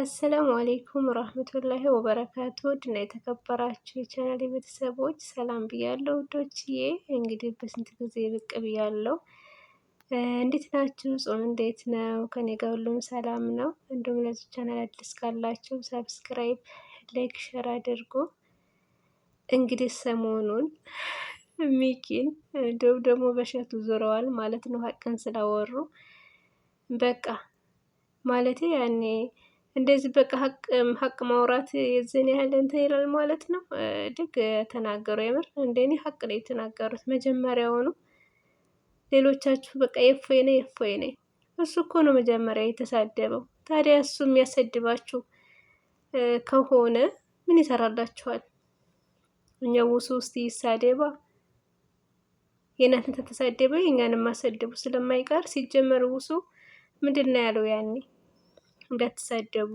አሰላሙ አሌይኩም ረህመቱላሂ ወበረካቱ ድና የተከበራችሁ የቻናል ቤተሰቦች ሰላም ብያለሁ። ውዶችዬ እንግዲህ በስንት ጊዜ ብቅ ብያለሁ። እንዴት ናችሁ? ጾም እንዴት ነው? ከኔ ጋር ሁሉም ሰላም ነው። እንዲሁም ለዚህ ቻናል አዲስ ካላችሁ ሰብስክራይብ፣ ላይክ፣ ሸር አድርጉ። እንግዲህ ሰሞኑን ሚኪን እንዲሁም ደግሞ በሸቱ ዙረዋል ማለት ነው። ሀቅን ስላወሩ በቃ ማለቴ ያኔ እንደዚህ በቃ ሀቅ ማውራት የዘን ያህል እንትን ይላል ማለት ነው። ድግ ተናገሩ። የምር እንደኔ ሀቅ ነው የተናገሩት መጀመሪያውኑ። ሌሎቻችሁ በቃ የፎይ ነኝ የፎይ ነኝ። እሱ እኮ ነው መጀመሪያ የተሳደበው። ታዲያ እሱ የሚያሰድባችሁ ከሆነ ምን ይሰራላችኋል? እኛ ውሱ ውስጥ ይሳደባ የእናንተን ተተሳደበ የእኛን ማሰድቡ ስለማይቀር ሲጀመር ውሱ ምንድን ነው ያለው ያኔ እንዳትሳደቡ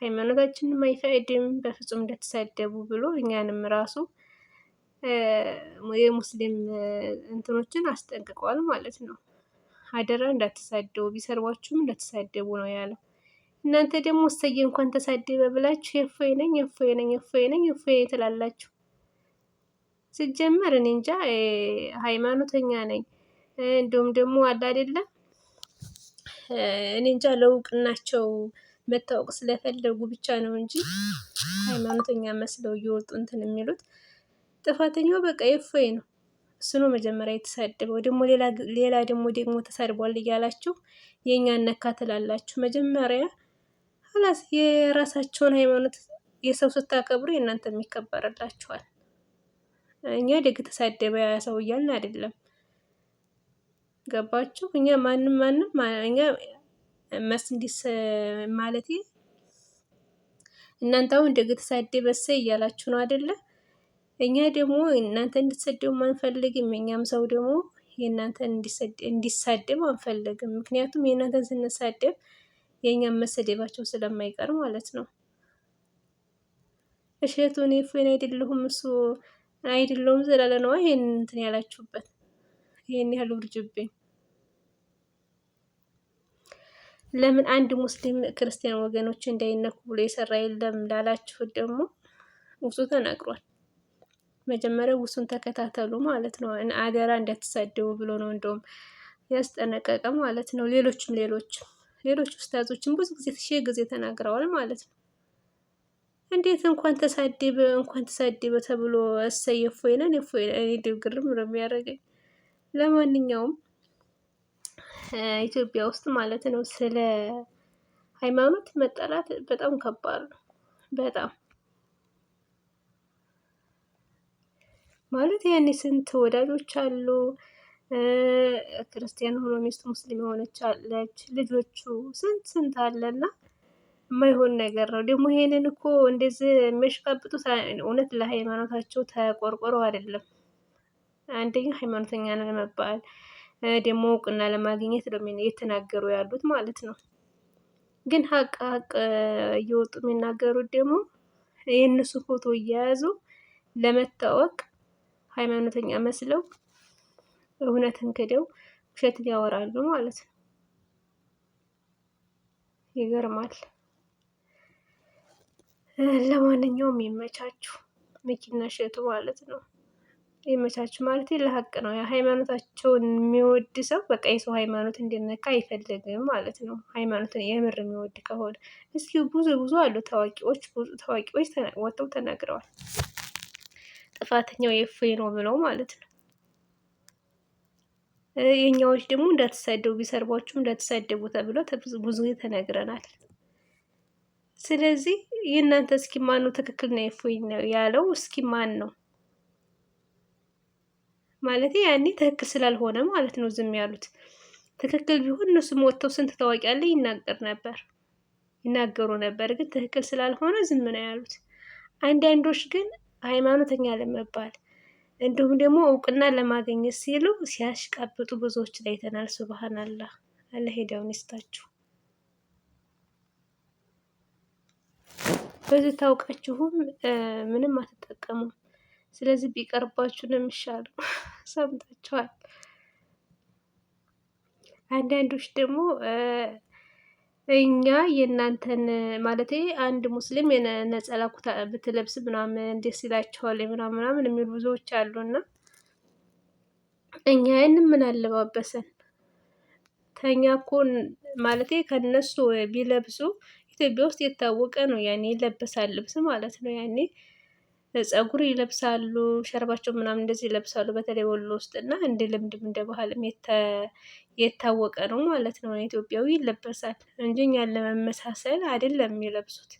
ሃይማኖታችንም አይፈቅድም በፍጹም እንዳትሳደቡ ብሎ እኛንም ራሱ የሙስሊም እንትኖችን አስጠንቅቀዋል ማለት ነው። አደራ እንዳትሳደቡ፣ ቢሰርቧችሁም እንዳትሳደቡ ነው ያለው። እናንተ ደግሞ እሰየ እንኳን ተሳደበ ብላችሁ እፎይ ነኝ እፎይ ነኝ እፎይ ነኝ እፎይ ትላላችሁ። ሲጀመር እኔ እንጃ ሃይማኖተኛ ነኝ እንዲሁም ደግሞ አለ አይደለም እኔ እንጃ ለእውቅናቸው መታወቅ ስለፈለጉ ብቻ ነው እንጂ ሃይማኖተኛ መስለው እየወጡ እንትን የሚሉት። ጥፋተኛው በቃ የፎይ ነው። እሱ ነው መጀመሪያ የተሳደበው። ደግሞ ሌላ ደግሞ ደግሞ ተሳድቧል እያላችሁ የእኛ ነካ ትላላችሁ። መጀመሪያ ሀላስ የራሳቸውን ሃይማኖት የሰው ስታከብሩ የእናንተ የሚከበርላችኋል። እኛ ደግ ተሳደበ ያ ሰው እያልን አይደለም። ገባችሁ? እኛ ማንም ማንም እኛ መስንዲስ ማለት እናንተ አሁን እንደግ ተሳደበ እሰይ እያላችሁ ነው አይደለ? እኛ ደግሞ እናንተ እንድትሰደቡ አንፈልግም። የእኛም ሰው ደግሞ የእናንተን እንዲሳደብ አንፈልግም። ምክንያቱም የእናንተን ስንሳደብ የእኛም መሰደባቸው ስለማይቀር ማለት ነው። እሸቱን ኔ ፎን አይደለሁም እሱ አይደለሁም ስላለ ነዋ ይሄን እንትን ያላችሁበት ይሄን ያህል ውርጅብኝ ለምን አንድ ሙስሊም ክርስቲያን ወገኖች እንዳይነኩ ብሎ የሰራ የለም ላላችሁ ደግሞ ውሱ ተናግሯል። መጀመሪያ ውሱን ተከታተሉ ማለት ነው። አደራ እንዳትሳደቡ ብሎ ነው እንደውም ያስጠነቀቀ ማለት ነው። ሌሎችም ሌሎች ሌሎች ውስታዞችም ብዙ ጊዜ ሺህ ጊዜ ተናግረዋል ማለት ነው። እንዴት እንኳን ተሳደበ እንኳን ተሳደበ ተብሎ እሰይ እፎይ ነን እፎይ ነን ግርም ነው የሚያደርገኝ። ለማንኛውም ኢትዮጵያ ውስጥ ማለት ነው ስለ ሃይማኖት መጠላት በጣም ከባድ ነው። በጣም ማለት ያኔ ስንት ወዳጆች አሉ። ክርስቲያን ሆኖ ሚስት ሙስሊም የሆነች አለች። ልጆቹ ስንት ስንት አለና የማይሆን ነገር ነው ደግሞ። ይሄንን እኮ እንደዚህ የሚያሽቃብጡት እውነት ለሃይማኖታቸው ተቆርቆረው አይደለም። አንደኛ ሃይማኖተኛ ለመባል መባል ደግሞ እውቅና ለማግኘት የተናገሩ ያሉት ማለት ነው። ግን ሀቅ ሀቅ እየወጡ የሚናገሩት ደግሞ የእነሱ ፎቶ እየያዙ ለመታወቅ ሃይማኖተኛ መስለው እውነትን ክደው ውሸትን ያወራሉ ማለት ነው። ይገርማል። ለማንኛውም ይመቻችሁ መኪና እሸቱ ማለት ነው። ይመቻች ማለት ለሀቅ ነው። ሃይማኖታቸውን የሚወድ ሰው በቃ የሰው ሃይማኖት እንዲነካ አይፈልግም ማለት ነው። ሃይማኖትን የምር የሚወድ ከሆነ እስኪ ብዙ ብዙ አሉ ታዋቂዎች፣ ብዙ ታዋቂዎች ወጥተው ተናግረዋል። ጥፋተኛው የእፎይ ነው ብለው ማለት ነው። የኛዎች ደግሞ እንዳትሳደቡ ቢሰርቧችሁም እንዳትሳደቡ ተብሎ ብዙ ተነግረናል። ስለዚህ የእናንተ እስኪ ማን ነው ትክክል ነው የእፎይ ነው ያለው? እስኪ ማን ነው? ማለት ያኔ ትክክል ስላልሆነ ማለት ነው ዝም ያሉት። ትክክል ቢሆን እነሱም ወጥተው ስንት ታዋቂ ያለ ይናገር ነበር ይናገሩ ነበር። ግን ትክክል ስላልሆነ ዝም ነው ያሉት። አንዳንዶች ግን ሃይማኖተኛ ለመባል እንዲሁም ደግሞ እውቅና ለማግኘት ሲሉ ሲያሽቀብጡ ብዙዎች ላይ ተናል። ሱብሃን አላህ አለ ሄደውን ይስታችሁ። በዚህ ታውቃችሁም ምንም አትጠቀሙም። ስለዚህ ቢቀርባችሁ ነው የሚሻለው። ሰምታችኋል። አንዳንዶች ደግሞ እኛ የእናንተን ማለት አንድ ሙስሊም ነጸላ ኩታ ብትለብስ ምናምን እንዴት ሲላቸዋል ምናምን ምናምን የሚሉ ብዙዎች አሉና እኛ ይህንን ምን አለባበሰን ተኛ እኮ ማለት ከነሱ ቢለብሱ ኢትዮጵያ ውስጥ የታወቀ ነው ያኔ ይለበሳል ልብስ ማለት ነው ያኔ ፀጉር ይለብሳሉ፣ ሸርባቸው ምናምን እንደዚህ ይለብሳሉ። በተለይ ወሎ ውስጥ እና እንደ ልምድም እንደ ባህልም የታወቀ ነው ማለት ነው። ኢትዮጵያዊ ይለበሳል እንጂ እኛን ለመመሳሰል አይደለም የሚለብሱት።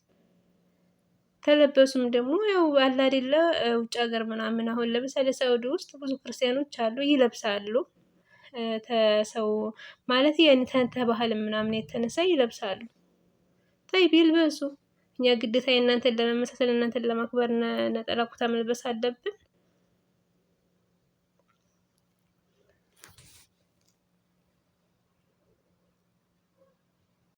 ከለበሱም ደግሞ ያው አለ አይደለ ውጭ ሀገር ምናምን አሁን ለምሳሌ ሳውዲ ውስጥ ብዙ ክርስቲያኖች አሉ ይለብሳሉ። ተሰው ማለት ተባህል ምናምን የተነሳ ይለብሳሉ። ጠይብ ይልበሱ። እኛ ግዴታ እናንተን ለመመሳሰል እናንተን ለማክበር ነጠላ ኩታ መልበስ አለብን።